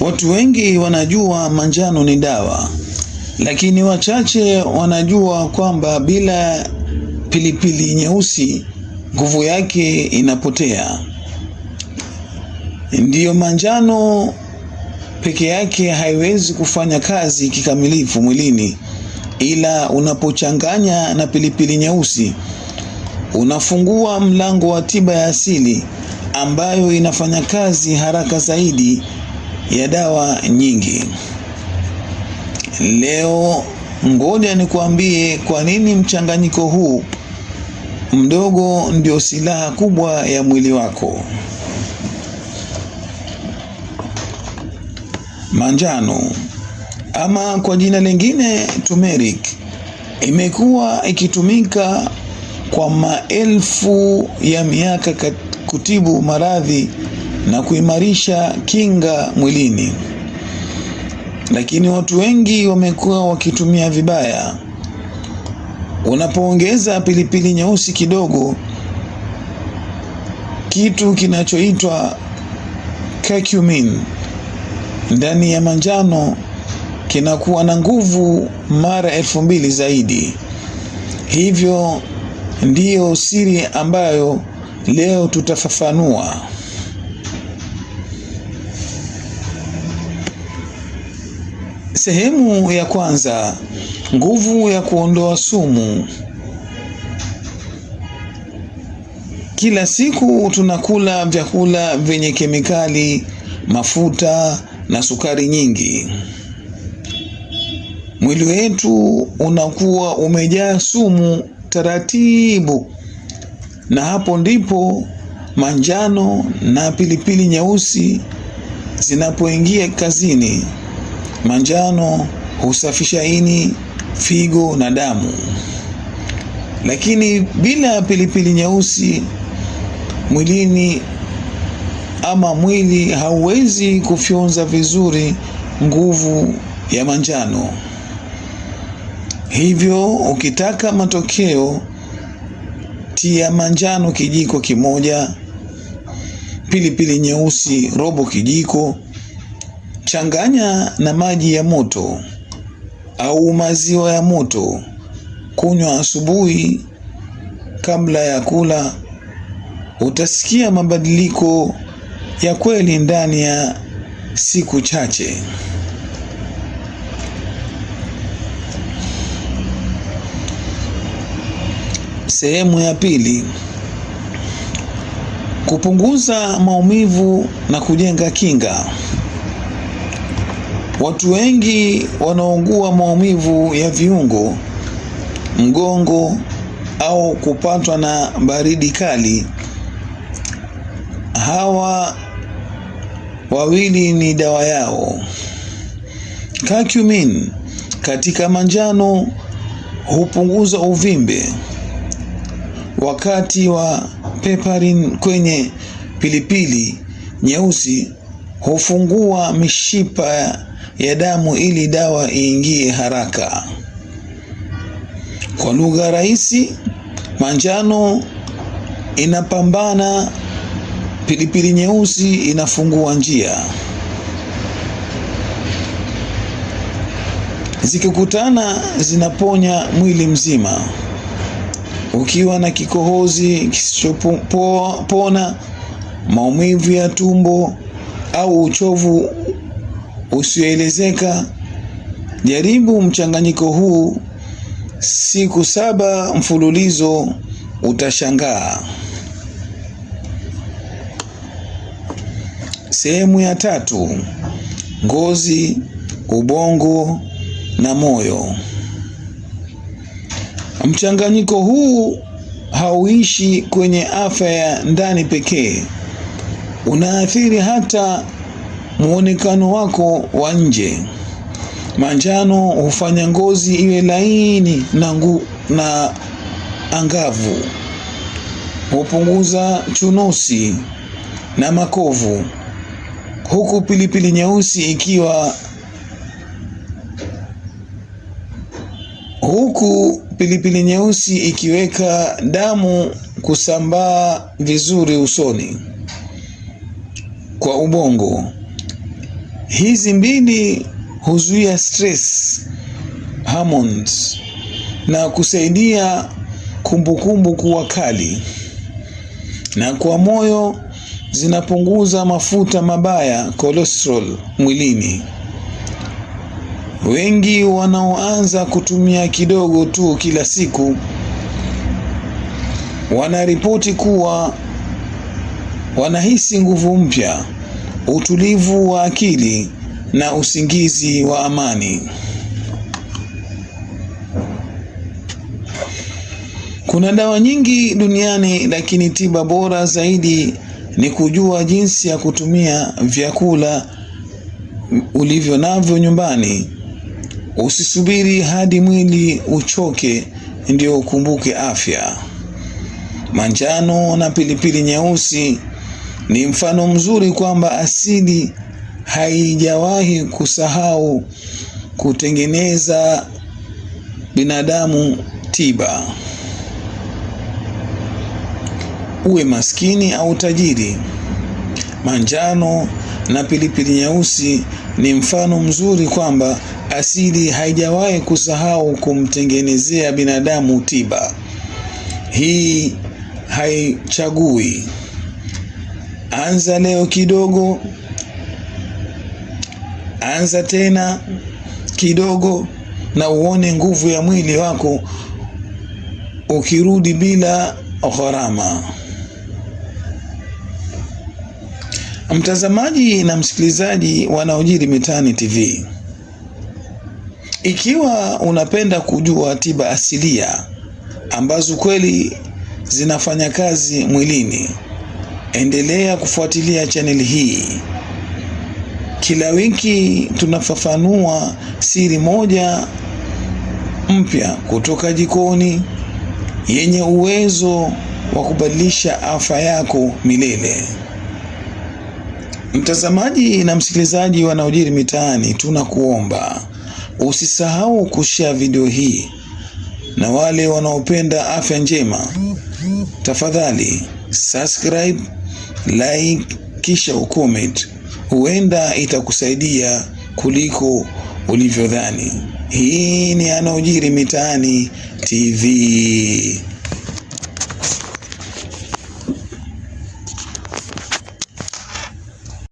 Watu wengi wanajua manjano ni dawa, lakini wachache wanajua kwamba bila pilipili nyeusi nguvu yake inapotea. Ndiyo, manjano peke yake haiwezi kufanya kazi kikamilifu mwilini, ila unapochanganya na pilipili nyeusi unafungua mlango wa tiba ya asili ambayo inafanya kazi haraka zaidi ya dawa nyingi. Leo ngoja nikuambie kwa nini mchanganyiko huu mdogo ndio silaha kubwa ya mwili wako. Manjano ama kwa jina lingine turmeric imekuwa ikitumika kwa maelfu ya miaka kutibu maradhi na kuimarisha kinga mwilini, lakini watu wengi wamekuwa wakitumia vibaya. Unapoongeza pilipili nyeusi kidogo, kitu kinachoitwa curcumin ndani ya manjano kinakuwa na nguvu mara elfu mbili zaidi. Hivyo ndiyo siri ambayo leo tutafafanua. Sehemu ya kwanza: nguvu ya kuondoa sumu. Kila siku tunakula vyakula vyenye kemikali, mafuta na sukari nyingi. Mwili wetu unakuwa umejaa sumu taratibu, na hapo ndipo manjano na pilipili nyeusi zinapoingia kazini. Manjano husafisha ini, figo na damu, lakini bila pilipili nyeusi mwilini ama mwili hauwezi kufyonza vizuri nguvu ya manjano. Hivyo ukitaka matokeo, tia manjano kijiko kimoja, pilipili nyeusi robo kijiko Changanya na maji ya moto au maziwa ya moto, kunywa asubuhi kabla ya kula. Utasikia mabadiliko ya kweli ndani ya siku chache. Sehemu ya pili: kupunguza maumivu na kujenga kinga. Watu wengi wanaungua maumivu ya viungo, mgongo au kupatwa na baridi kali. Hawa wawili ni dawa yao. Curcumin katika manjano hupunguza uvimbe, wakati wa peparin kwenye pilipili nyeusi hufungua mishipa ya damu ili dawa iingie haraka. Kwa lugha rahisi, manjano inapambana, pilipili nyeusi inafungua njia. Zikikutana zinaponya mwili mzima. Ukiwa na kikohozi kisichopona, maumivu ya tumbo au uchovu usioelezeka. Jaribu mchanganyiko huu siku saba mfululizo, utashangaa. Sehemu ya tatu: ngozi, ubongo na moyo. Mchanganyiko huu hauishi kwenye afya ya ndani pekee unaathiri hata muonekano wako wa nje. Manjano hufanya ngozi iwe laini na, ngu, na angavu, hupunguza chunusi na makovu, huku pilipili nyeusi ikiwa huku pilipili nyeusi ikiweka damu kusambaa vizuri usoni kwa ubongo. Hizi mbili huzuia stress hormones na kusaidia kumbukumbu kuwa kali, na kwa moyo zinapunguza mafuta mabaya cholesterol mwilini. Wengi wanaoanza kutumia kidogo tu kila siku wanaripoti kuwa wanahisi nguvu mpya, utulivu wa akili na usingizi wa amani. Kuna dawa nyingi duniani, lakini tiba bora zaidi ni kujua jinsi ya kutumia vyakula ulivyo navyo nyumbani. Usisubiri hadi mwili uchoke ndio ukumbuke afya. Manjano na pilipili nyeusi ni mfano mzuri kwamba asili haijawahi kusahau kutengeneza binadamu tiba, uwe maskini au tajiri. Manjano na pilipili nyeusi ni mfano mzuri kwamba asili haijawahi kusahau kumtengenezea binadamu tiba. Hii haichagui anza leo kidogo, anza tena kidogo, na uone nguvu ya mwili wako ukirudi bila gharama. Mtazamaji na msikilizaji wanaojiri mitaani TV, ikiwa unapenda kujua tiba asilia ambazo kweli zinafanya kazi mwilini endelea kufuatilia chaneli hii. Kila wiki tunafafanua siri moja mpya kutoka jikoni yenye uwezo wa kubadilisha afya yako milele. Mtazamaji na msikilizaji yanayojiri mitaani, tunakuomba usisahau kushare video hii na wale wanaopenda afya njema, tafadhali subscribe, like kisha ucomment. Huenda itakusaidia kuliko ulivyodhani. Hii ni yanayojiri mitaani TV.